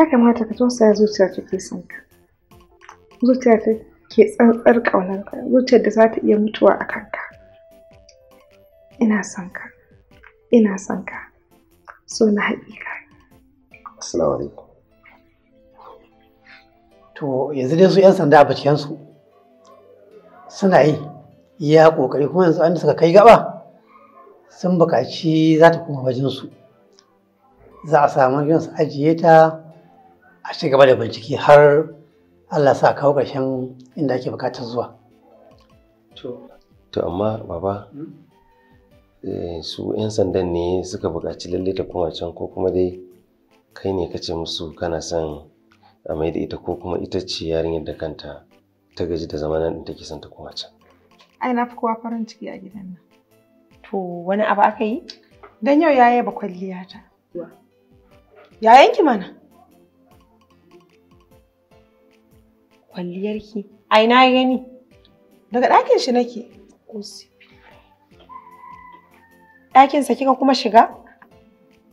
ya kamata ka tausaya zuciyar ta ke son ka zuciyar ta ke tsantsar ka zuciyar da za ta iya mutuwa a kanka ina son ka ina son ka so na haƙiƙa assalamu alaikum to yanzu dai su 'yan sanda a baciyansu suna yi iya ƙoƙari kuma yanzu an suka kai gaba sun buƙaci za ta kuma bajinsu za a samu su ajiye ta a ci gaba da bincike har Allah sa kawo ƙarshen inda ake buƙatar zuwa. To amma baba hmm? eh, su 'yan sandan ne suka buƙaci lalle ta kuma can ko kuma dai kai ne ka ce musu kana son a mai da ita ko kuma ita ce yarinyar da kanta ta gaji da zama nan take son ta kuma can. Ai na fi kowa farin ciki a gidan nan. To wani abu aka yi? Dan yau yaya ba kwalliyata. Yayanki mana. kwalliyarki a ina ya gani daga ɗakin shi nake ɗakinsa kika kuma shiga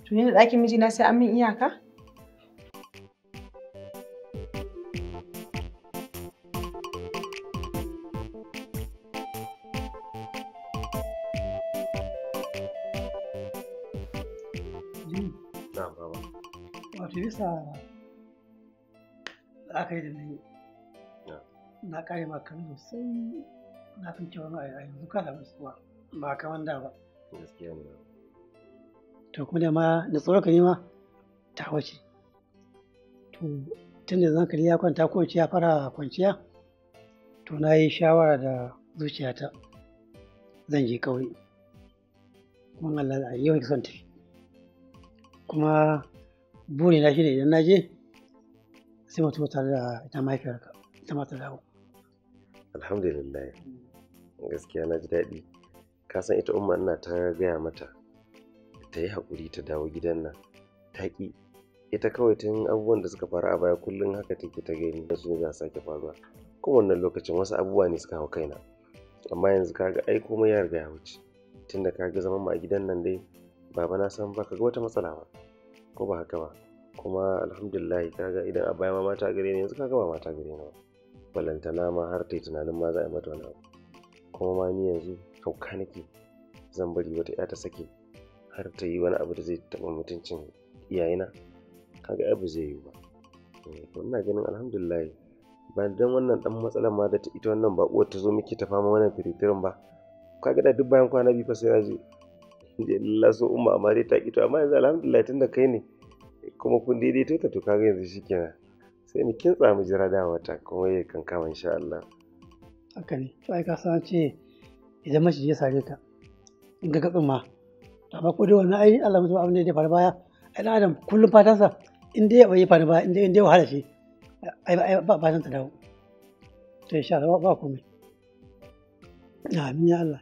to ni da ɗakin mijina sai an min iyaka Wato bisa aka yi da na kare maka kan sosai na san cewa a yanzu ka da musuwa ba ka da ba gaskiya ne to kuma da ma nutsuwar ka ne ma ta wace to tun da zan ya kwanta ko ya fara kwanciya to na yi shawara da zuciyata zan je kawai kuma Allah da yawan son tafi kuma buri na shi ne idan na je sai mutum tare da ita mahaifiyarka ita mata dawo alhamdulillah gaskiya na ji daɗi ka san ita umma ina ta gaya mata ta yi haƙuri ta dawo gidan nan ta ƙi ita kawai tun abubuwan da suka faru a baya kullum haka take ta gani na su za sake faruwa kuma wannan lokacin wasu abubuwa ne suka hau kaina amma yanzu ka ga ai komai ya riga ya wuce tunda ka ga zaman mu a gidan nan dai baba na san baka ga wata matsala ba ko ba haka ba kuma alhamdulillah ka ga idan a baya ma mata gare ni yanzu ka ga ba mata gare ni ba balantana ma har ta yi tunanin ma za a yi mata wani abu kuma ma ni yanzu hauka nake zan bari wata ya ta sake har ta yi wani abu da zai taɓa mutuncin iyayena kaga abu zai yi ba eh, ina ganin alhamdulillah ba dan wannan dan matsalar ma da ita wannan ba, uwar ta zo miki ta fama wannan firitirin ba kaga da duk bayan kwana biyu fa sai ya je je Allah so umma amma dai ta kito amma yanzu alhamdulillah tunda kai ne kuma kun daidaito ta to kaga yanzu shikenan sai mu kintsa mu jira da wata kuma ya kan insha Allah haka ne sai ka san ce idan mace ya sare ka in ga gatsin ma to ba ko dai wannan ai Allah mutum abin da ya faru baya ai dan adam kullum fatansa in dai ya bai faru baya in dai in dai wahala shi ai ba ba san ta dawo to insha Allah ba komai amin ya Allah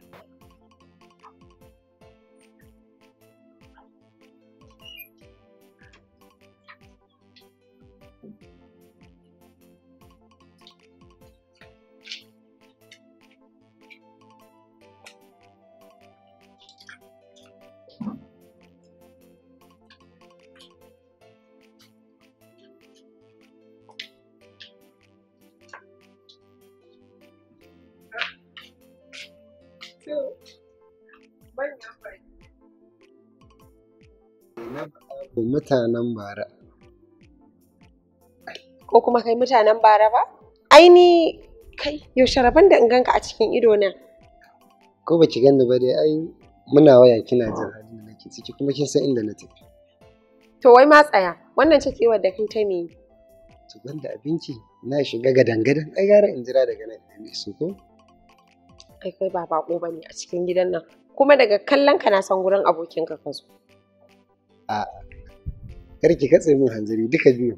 mutanen bara. Ko kuma kai mutanen bara ba? Aini kai yaushe rabon da in ganka a cikin ido na. Ko baki ganni ba dai ai muna waya kina jin halin da nake ciki kuma kin san inda na tafi. To wai ma tsaya wannan cakewar da kin ta me? To banda abinci na shiga gadan-gadan ai gara in jira daga nan da su ko? Kai kai ba bako bane a cikin gidan nan kuma daga kallon ka na san gurin abokin ka ka zo. A'a kar ki katse min hanzari duka biyu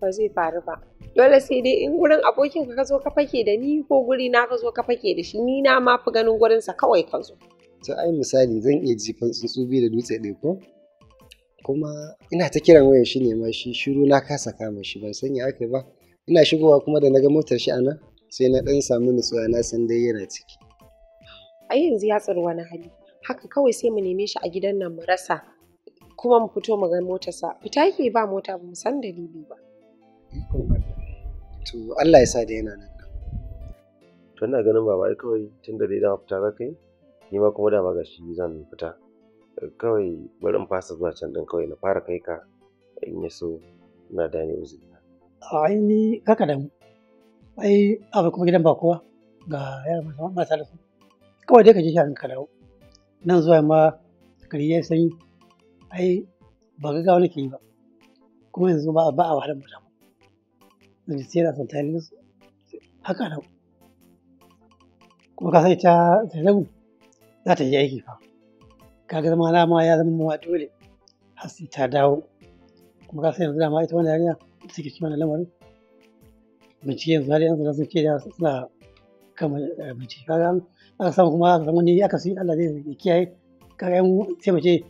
ba zai faru ba dole sai dai in gurin abokin ka zo ka fake da ni ko guri na ka zo ka fake da shi ni na ma fi ganin gurin sa kawai ka zo to ai misali zan iya jifan tsuntsu biyu da dutse ɗaya ko kuma ina ta kiran wayar shi ne ma shi shiru na kasa kama shi ban sanya aka ba ina shigowa kuma da na ga motar shi a nan, sai na dan samu nutsuwa na san dai yana ciki ai yanzu ya tsaro wani hali haka kawai sai mu neme shi a gidan nan mu rasa kuma mu fito mu ga motarsa fita yake ba mota ba mu san dalili ba to Allah ya sa da yana nan to ina ganin baba ai kawai tunda dai da fita za kai ni ma kuma da ba gashi zan fita kawai bari in fasa zuwa can din kawai na fara kai ka in ya so na da ne uzuri ai ni kaka da mu ai abu kuma gidan ba kowa ga yara masu masu kawai dai ka je shi ka dawo nan zuwa ma gari ya sanyi ai ba ga gawa nake yi ba kuma yanzu ba ba a wahalar mutum zai sai na san tare su haka nan kuma ka sai ta zainabu za ta yi aiki fa kaga zama na ma ya zama ma dole har sai ta dawo kuma ka sai yanzu dama ita wannan yarinya da suke ci wani lamarin bincike yanzu har yanzu sun ce da suna kama eh, bincike kaga an samu kuma aka ne aka sai Allah zai kiyaye kaga yan sai mace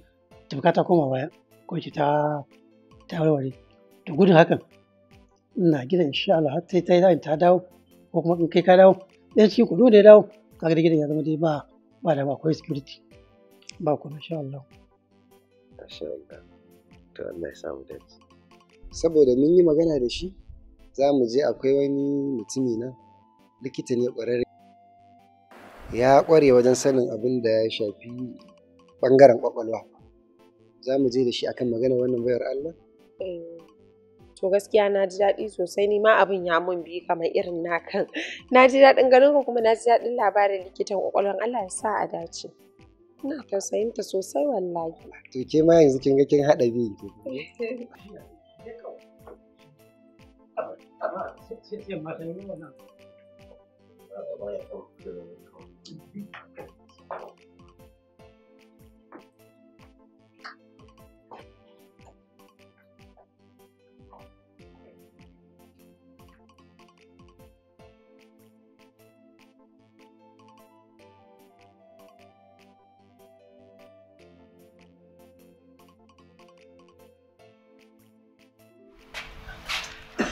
tafka kata koma baya ko ce ta ta warware to gudun hakan ina gidan insha Allah har sai ta yi ta dawo ko kuma in kai ka dawo dan cikin kudu da ya dawo ka ga gidan ya zama dai ba ba da ba akwai security ba kuma insha Allah insha Allah to Allah ya samu dace saboda mun yi magana da shi za mu je akwai wani mutumi na likita ne ƙwararre ya ƙware wajen sanin abin da ya shafi ɓangaren ƙwaƙwalwa za mu je da shi akan magana wannan bayar Allah? To gaskiya na ji daɗi sosai ni ma abin ya mun bi kamar irin na kan. Na ji daɗin ganin ka kuma na ji daɗin labarin likitan ƙwaƙwalwar Allah ya sa a dace. Ina tausayin ta sosai wallahi. To ke ma yanzu kin ga kin haɗa biyu. Amma sai ce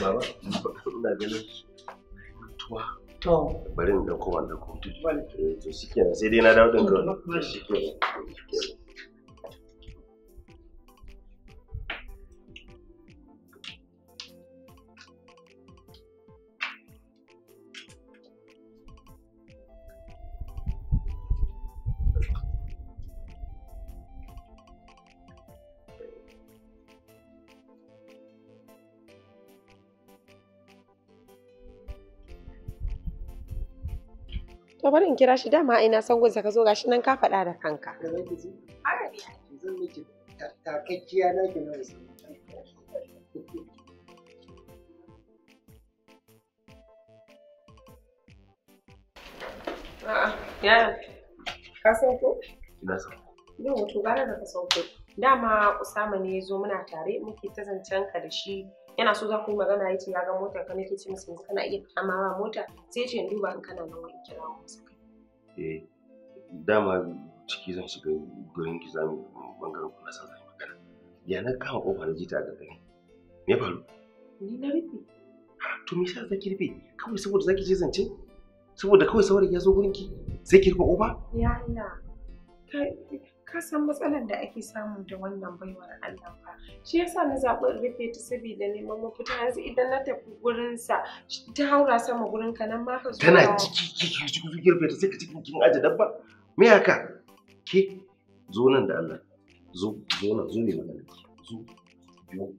baba ina ganin tuwa to bari in dauko wannan kuma eh, to shikenan sai dai na dawo din kawai shikenan To bari in kira shi dama ina san gunsa ka zo gashi nan ka faɗa da kanka. A'a, da ka sauko. Dama Usama ne ya zo muna tare muke ta zancen ka da shi yana so za ku yi magana ya ce ya ga motar ka nake ce masa yanzu kana iya amawa mota sai ce in duba in kana nan wani kira masa. eh dama ciki zan shiga gurin ki zamu bangaren kuma sa zan magana ya na kama kofa na jita ga gani me ya faru ni na rufe to me yasa zaki rufe kawai saboda zaki je zance saboda kawai saurayi ya zo gurin ki sai ki rufe kofa ya Allah ka san matsalar da ake samu da wannan baiwar Allah ba shi yasa na zaɓi rufe ta saboda neman mafita yanzu idan na tafi gurin sa ta haura sama gurin ka nan ma ka zo tana jiki ki girbe ta sai ka cikin kin aje dabba me haka ke zo nan da Allah zo zo nan zo ne magana zo yo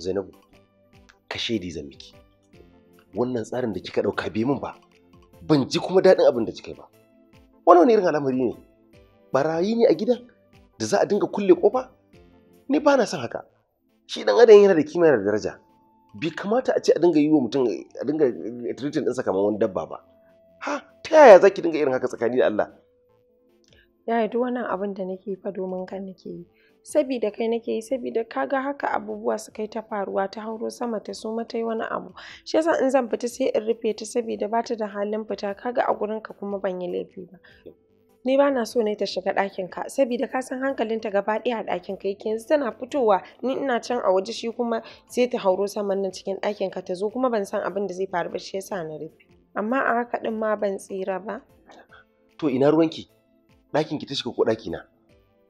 zainabu kashe di zan miki wannan tsarin da kika ɗauka bai min ba ban ji kuma daɗin abin da kika yi ba wani wani irin al'amari ne barayi ne a gidan da za a dinga kulle kofa ni ba na son haka shi dan adam yana da kima da daraja bai kamata a ce a dinga yi wa mutum a dinga treating ɗinsa kamar wani dabba ba ha ta yaya zaki dinga irin haka tsakani da Allah yaya duk wannan abin da nake fa domin kan nake yi sabida kai nake yi sabida kaga haka abubuwa su kai ta faruwa ta hauro sama ta so mata yi wani abu shi yasa in zan fita sai in rufe ta sabida ba ta da halin fita kaga a gurin ka kuma ban yi laifi ba ni ba na so ne ta shiga ɗakin ka sabida ka san hankalinta gaba ɗaya a ɗakin ka yake yanzu tana fitowa ni ina can a waje shi kuma sai ta hauro saman nan cikin ɗakin ka ta zo kuma ban san abin da zai faru ba shi yasa na rufe amma a haka ɗin ma ban tsira ba to ina ruwanki ɗakin ki ta shiga ko ɗakina?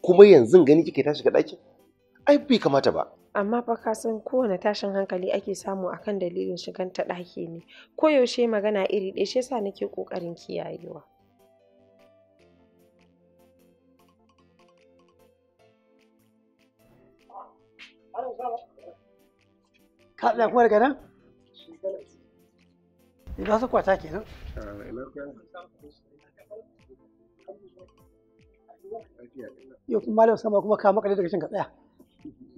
kuma yanzu gani kike tashi ga ɗakin ai bai kamata ba amma fa ka san kowane tashin hankali ake samu akan dalilin shigan ta ɗaki ne koyaushe magana iri ɗaya shi yasa nake ƙoƙarin kiyayewa ka da kuma daga nan za su kwata kenan ah, Yau kuma malam sama kuma kama makale daga shan kaɗaya.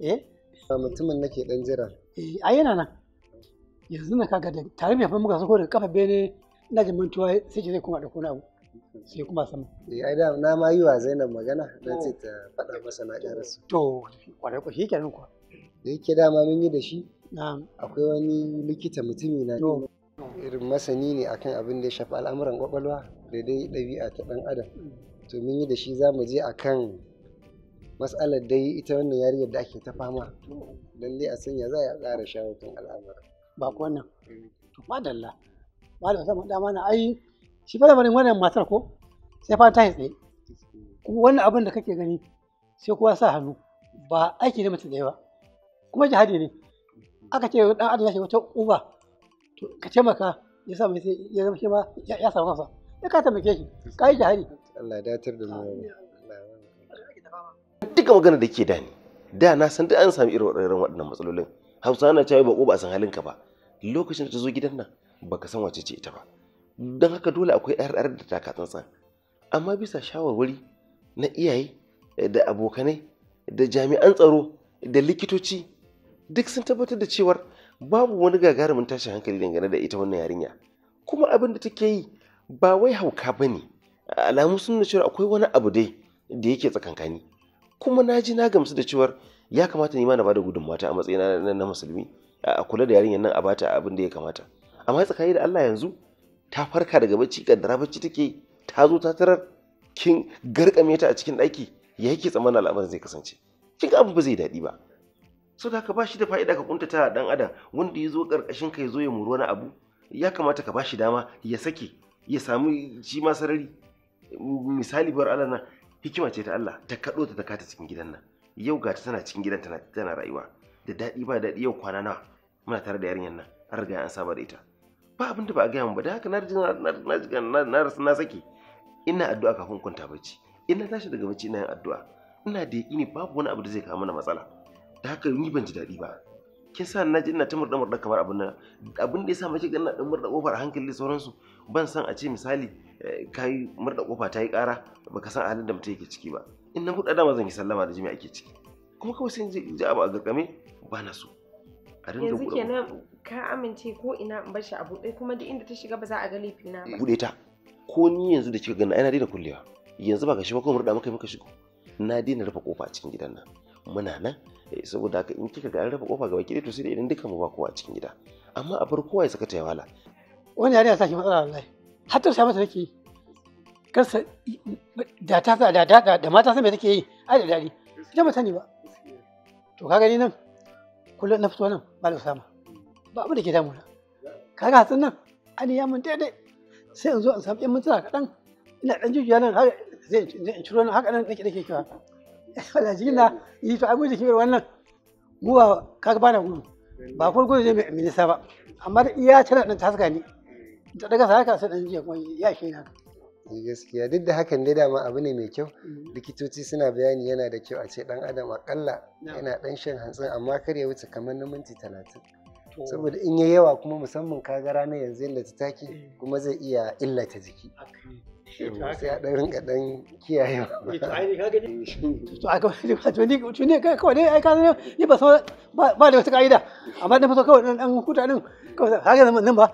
eh Eh? Mutumin nake dan jira. Eh, a yana nan. Yanzu na kaga da tare mai fa muka ko da kafa bene na jin tuwa sai ki zai kuma da kuna abu. sai kuma sama. Eh ai da na ma yi wa Zainab magana na ce ta faɗa masa na ƙara su. To kwarai ko shi kenan kuwa. Da yake dama mun yi da shi. Akwai wani likita mutumi na irin masani ne akan abin da ya shafi al'amuran kwakwalwa da dai ɗabi'a ta ɗan adam. Mm. to mun yi da shi za mu je a kan matsalar dai ita wannan yariyar da ake ta fama lalle a sanya za a tsara shawakin al'amura ba ko wannan mm. to madalla malam sama da na ai shi fa lamarin wannan matar ko sai fa ta yi tsaye kuma wannan abin da kake gani sai kowa sa hannu ba aiki ne mutum ɗaya ba kuma jihadi ne aka ce dan adam ya shiga wata uba to ka taimaka ya samu ya zama shi ma ya samu kansa ya ka taimake shi ka yi jihadi Allah ya datar da mu duka magana da ke da ni da na san duk an sami irin waɗannan matsalolin hausa na cewa bako ba san halinka ba lokacin da ta zo gidan nan baka san wace ce ita ba don haka dole akwai ɗar da ta tsantsan. amma bisa shawarwari na iyaye da abokanai da jami'an tsaro da likitoci duk sun tabbatar da cewar babu wani gagarumin tashin hankali dangane da ita wannan yarinya kuma abin da take yi ba wai hauka ba ne alamu sun nuna cewa akwai wani abu dai da yake tsakankani kuma na ji na gamsu da cewar ya kamata ni ma na bada gudunmata a matsayina na musulmi a kula da yarinyar nan a bata abin da ya kamata amma tsakani da Allah yanzu ta farka daga bacci kaddara bacci take ta zo ta tarar kin garkame ta a cikin daki ya yake tsammanin al'amarin zai kasance kin ga abu ba zai daɗi ba so da ka ba shi da fa'ida ka kuntata dan adam wanda ya zo karkashin ka ya zo ya muru wani abu ya kamata ka ba shi dama ya sake ya samu shi ma sarari misali bar Allah na hikima ce ta Allah ta kaɗo ta kata cikin gidan nan yau ga ta tana cikin gidan tana tana rayuwa da daɗi ba daɗi yau kwana nawa muna tare da yarinyar nan an riga an saba da ita ba abin da ba a gaya min ba da haka na na saki ina addu'a kafin kwanta bacci ina tashi daga bacci ina yin addu'a ina da ne babu wani abu da zai kawo mana matsala da haka ni ban ji daɗi ba kin sa na ji ina ta murɗa murɗa kamar abin nan abin da ya sa mace na ɗan murɗa kofar hankali sauransu ban san a ce misali Eh, ka yi murda kofa ta yi ƙara baka san halin da mutum yake ciki ba in na huɗa dama zan yi sallama da jimi ake ciki kuma kawai sai ji abu a gaggame ba na so a dinga yanzu kenan ka amince ko ina in bar shi a buɗe kuma duk inda ta shiga ba za a ga laifina ba eh, buɗe ta ko ni yanzu da kika gani ai na daina kullewa yanzu ba ka shi ba ko murda maka maka shigo na daina rufe kofa a cikin gidan nan muna nan eh, saboda haka in kika ga an rufe kofa gaba ki to sai da idan dukkan mu ba kowa a cikin gida amma a bar kowa ya saka ta wala wani yare ya saki matsala wallahi har tausaya mata nake yi karsa da ta sa da da da mata san me take yi ai da dadi ita mata ne ba to ka gani nan kullum na fito nan ba da sama ba abu da ke damu ka ga hatsin nan an yi mun daidai sai in zo in samu yan mintuna kaɗan ina ɗan jujuya nan har zai in ciro nan haka nan nake nake kiwa wala jikin na yi to abin da ke wannan guwa kaga bana gudu ba farko zai mai nisa ba amma da iya tana ɗan ta ni da daga sa haka sai dan jiya kuma ya shi na eh gaskiya duk da hakan dai dama abu ne mai kyau mm. likitoci suna bayani yana da kyau a ce dan adam akalla yana dan shan hantsin amma kar ya wuce kamar na minti talatin saboda in ya yawa kuma musamman kaga rana yanzu yadda ta take eh. kuma zai iya illata jiki sai a ɗan rinka ɗan kiyaye eh to ne kawai ba da wata ka'ida amma fito kawai ɗan huta ɗin kawai haka nan ba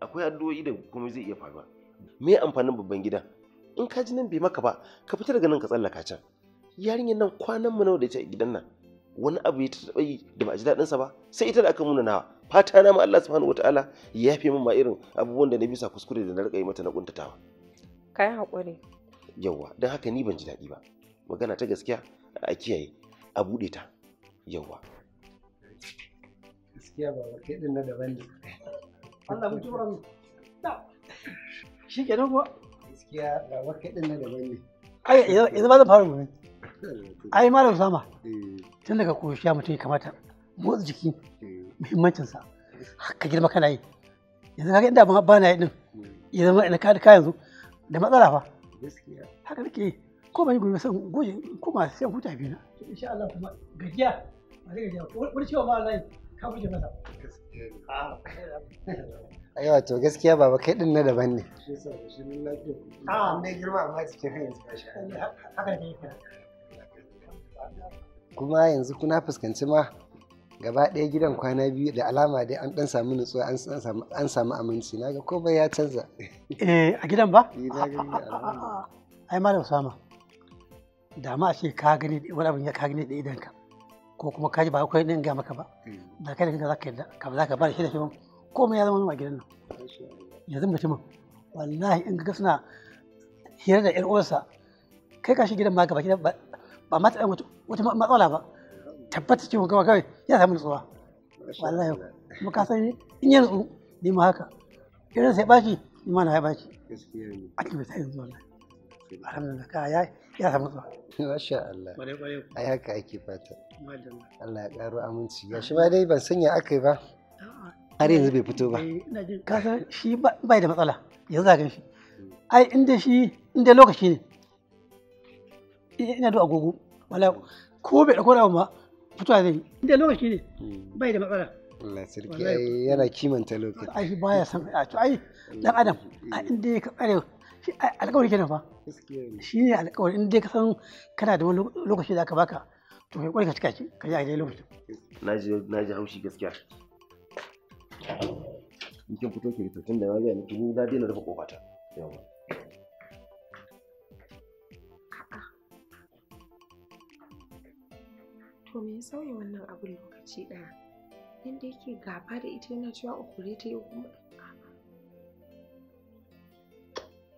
akwai addu'o'i da kuma zai iya faruwa me amfanin babban gida in ka ji nan bai maka ba ka fita daga nan ka tsallaka can yarinyar nan kwanan mu nawa da ita a gidan nan wani abu ya taɓa yi da ba a ji sa ba sai ita da aka muna nawa fata na ma Allah subhanahu wataala ya yafe min ma irin abubuwan da na bisa kuskure da na rika yi mata na kuntatawa kai hakuri yawa don haka ni ban ji daɗi ba magana ta gaskiya a kiyaye a buɗe ta yawa gaskiya ba kai din na daban ne Allah mutu ran shi kenan kuwa gaskiya rawar kai din nan daban ne ai yanzu ba zan fara mu ne ai malam sama eh. tun daga koshiya mutum ya kamata motsa jiki eh. muhimmancinsa. sa haka girma kana yi yanzu kaga inda ba na yi din idan hmm. ina ka da yanzu da matsala fa haka nake yi ko bai gobe san goje ko ma sai huta biyu na insha Allah kuma gajiya ba zai gajiya wani cewa ba Allah ka buge masa wato gaskiya baba kai din na daban ne ne a ah, mai girma amma haka ne kuma yanzu kuna fuskanci ma gaba ɗaya gidan kwana biyu da alama dai an ɗan samu nutsuwa an samu aminci na ga komai ya canza eh a gidan ba eh, ai malam sama da ma a ce ka gani wani abin ya ka gani da idanka ko kuma ka ji ba akwai ɗin ga maka ba mm. da kai da zaka za ka zaka bar shi da shi ba komai ya zama nuna gidan nan yanzu mutumin wallahi in ka suna hira da 'yan uwarsa kai ka shi gidan ma gaba ba ba ma ta wata matsala ba tabbata cikin gaba kawai ya samu nutsuwa wallahi kuma ka san in ya nutsu ni ma haka irin sai shi ni ma na ya bashi a cikin sai yanzu wallahi alhamdulillah ka ya ya samu zuwa masha Allah kware kware ai haka ake fata Allah ya karo aminci ya shi ma dai ban sanya akai ba har yanzu bai fito ba eh, ka san shi bai da matsala yanzu za shi hmm. ai inda shi inda lokaci ne ina da agogo wala ko bai da kodawa ma fitowa zai yi inda lokaci ne hmm. bai da matsala Allah sarki ai yana kimanta lokaci ai baya san ai dan adam hmm. a inda ya ka tsare alƙawari kenan fa shi ne alƙawari in dai ka san kana da wani lokaci da aka baka to kai kwari ka cika ki ka yi a lokacin na ji haushi gaskiya in kin fito ki fito tunda na ga miki ni na daina rufe kofata yawa to me ya sauya wannan abin lokaci ɗaya inda yake gaba da ita yana cewa ukure ta yi kuma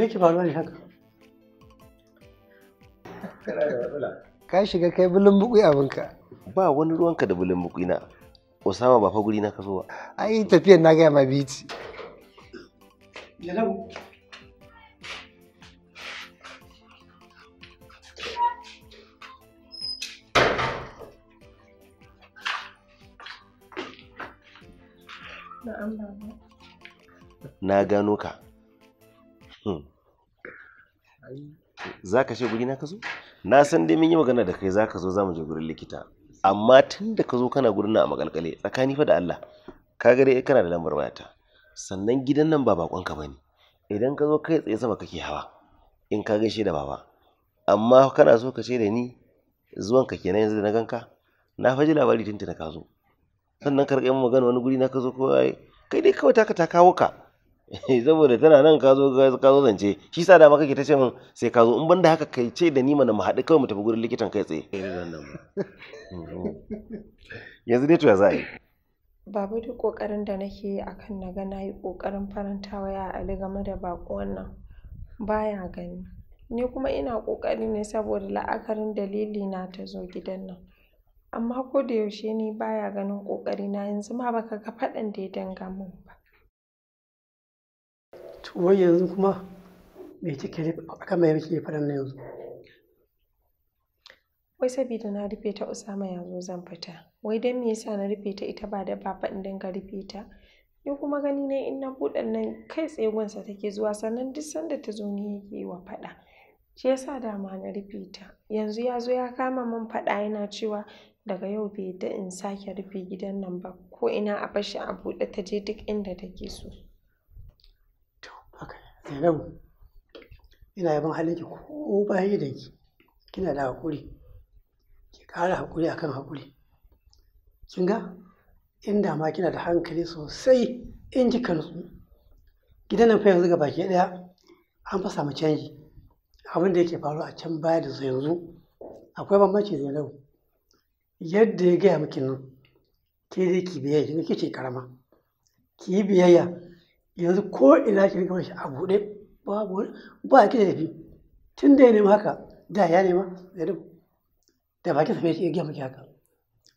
me yake faruwa ne haka ka shiga kai bulin bukui abinka ba wani ruwanka da bulin bukui na osama ba fa guri na ka zo ba ai tafiyar na gaya ma biti na gano ka Hmm. za ka ce guri na ka zo na san dai mun yi magana da kai za ka zo za mu je gurin likita amma tun da ka zo kana gurin na a makalkale tsakani fa da Allah ka ga dai kana da lambar wayata sannan gidan nan ba bakon ka bane idan ka zo kai tsaye sama kake hawa in ka gaishe da baba amma kana so ka ce da ni zuwan ka kenan yanzu da na ganka na faji labari tun tana ka zo sannan ka mu magana wani guri na ka zo ko kai dai kawai taka ta kawo ka Eh, saboda tana nan ka zo ka zo zance shi sa dama kake ta ce min sai ka zo in banda haka kai ce da ni mana mu haɗu kawai mu tafi gurin likitan kai tsaye yanzu ne to ya a yi babu duk ƙoƙarin da nake yi a kan na ga na yi ƙoƙarin faranta wa ya Ali game da baƙon wannan baya gani. Ni kuma ina ƙoƙari ne saboda la'akarin dalili na ta zo gidan nan. Amma ko da yaushe ni baya ganin ƙoƙari na yanzu ma baka ga faɗan da ya danga mun. ba. to wai yanzu kuma me kike akan mai yake faɗan nan yanzu wai saboda na rufe ta Usama yanzu zan fita wai dan me yasa na rufe ta ita ba da baba in dinga rufe ta ni kuma gani ne in na buɗe nan kai tsaye gunsa take zuwa sannan duk sanda ta zo ni yake wa faɗa shi yasa dama na rufe ta yanzu ya zo ya kama min faɗa yana cewa daga yau bai da in sake rufe gidan nan ba ko ina a fashi a buɗe ta je duk inda take so Zainabu, ina yaban halinki ko bayan idanki, kina da haƙuri, ki ƙara haƙuri akan haƙuri. Kin ga, inda ma kina da hankali sosai in ji kansu. Gidan nan yanzu ga baki ɗaya an fa samu canji. Abin da yake faru a can baya da yanzu akwai bambanci Zainabu. Yadda ya gaya miki nan, ke dai ki biyayya, ki ce karama, ki yi biyayya yanzu ko ina ki rika shi a buɗe babu ba ki da tafi tun da ya nema haka da ya nema da da da baki sa ya gaya ki haka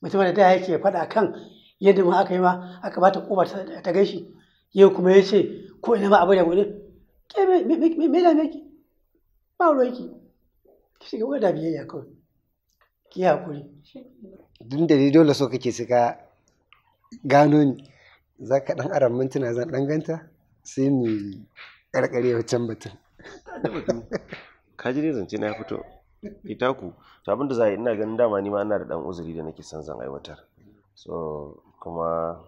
mutum da da yake faɗa kan yadda ma aka yi ma aka bata koba ta gaishe yau kuma ya ce ko ina ma abu da buɗe ke me me me ki ba ruwan ki ki shiga wadda biyayya kawai ki yi hakuri dun da dole so kake suka gano ni za ka ɗan aran mintuna zan ɗan ganta sai mu karkare can batun ka ji dai zance na ya fito ita ku to abin da za yi ina ganin dama ni ma ina da dan uzuri da nake son zan aiwatar so kuma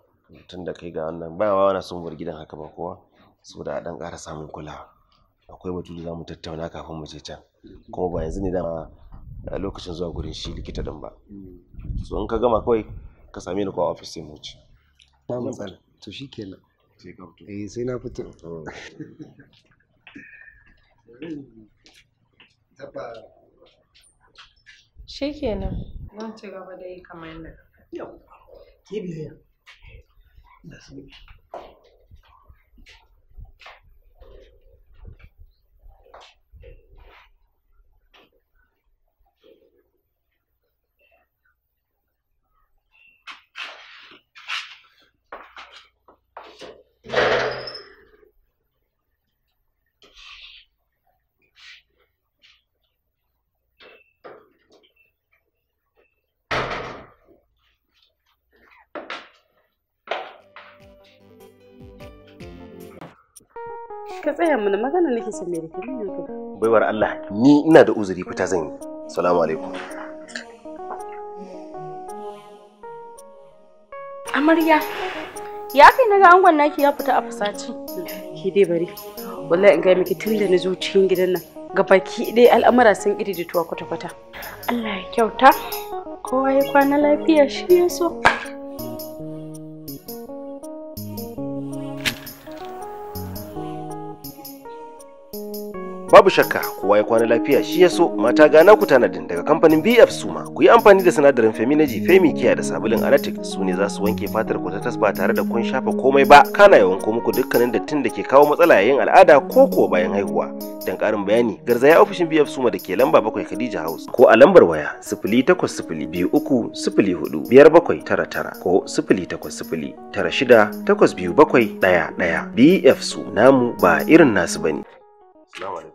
tun da kai ga wannan ba wa wani sun gidan haka ba kowa saboda da dan ƙara samun kulawa akwai batu da za mu tattauna kafin mu je can kuma ba yanzu ne dama a lokacin zuwa gurin shi likita din ba so in ka gama kawai ka same ni ko a ofis sai mu ci. ba matsala to shikenan eh sai na fito oh. shi kenan zan ci gaba da yi kamar yadda yau ke da su ka tsaya mana magana nake son mai dake nan ka baiwar Allah ni ina da uzuri fita zan yi assalamu alaikum amarya ya kai naga angon naki ya fita a fasaci ki dai bari wallahi in ga miki tun da na zo cikin gidan nan ga baki dai al'amura sun tuwa kwata-kwata Allah ya kyauta kowa ya kwana lafiya shi ya so babu shakka kowa ya kwana lafiya shi ya so mata gana ku tanadin daga kamfanin BF Suma ku yi amfani da sinadarin Feminagy Femi Kiya da sabulin Anatic su ne za su wanke fatar ku ta tasba tare da kun shafa komai ba kana ya wanko muku dukkanin dattin da ke kawo matsala yayin al'ada ko kuwa bayan haihuwa dan karin bayani garzaya ofishin BF Suma da ke lamba bakwai Khadija House ko a lambar waya tara tara ko tara shida takwas biyu bakwai ɗaya ɗaya BF Suma namu ba irin nasu bane. Assalamu alaikum.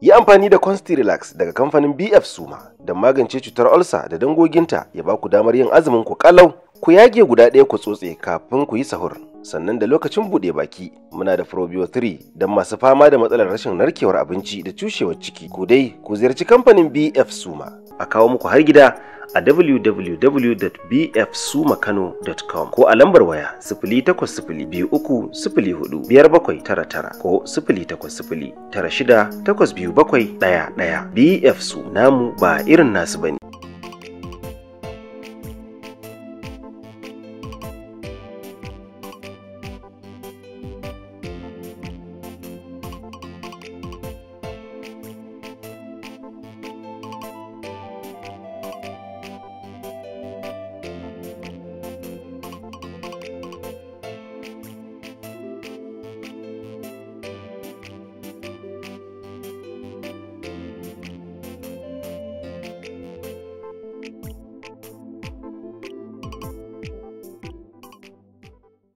Yi amfani da Relax daga kamfanin BF Suma don magance cutar olsa da dangoginta ya ba ku damar yin azumin ku kalau ku yage guda ɗaya ku tsotse kafin ku yi sahur. sannan da lokacin buɗe baki muna da probio 3 don masu fama da matsalar rashin narkewar abinci da cushewar ciki ku dai ku ziyarci kamfanin bf suma a kawo muku har gida a www.bfsumakano.com ko a lambar waya 08023045799 ko ɗaya. bf su namu ba irin nasu bane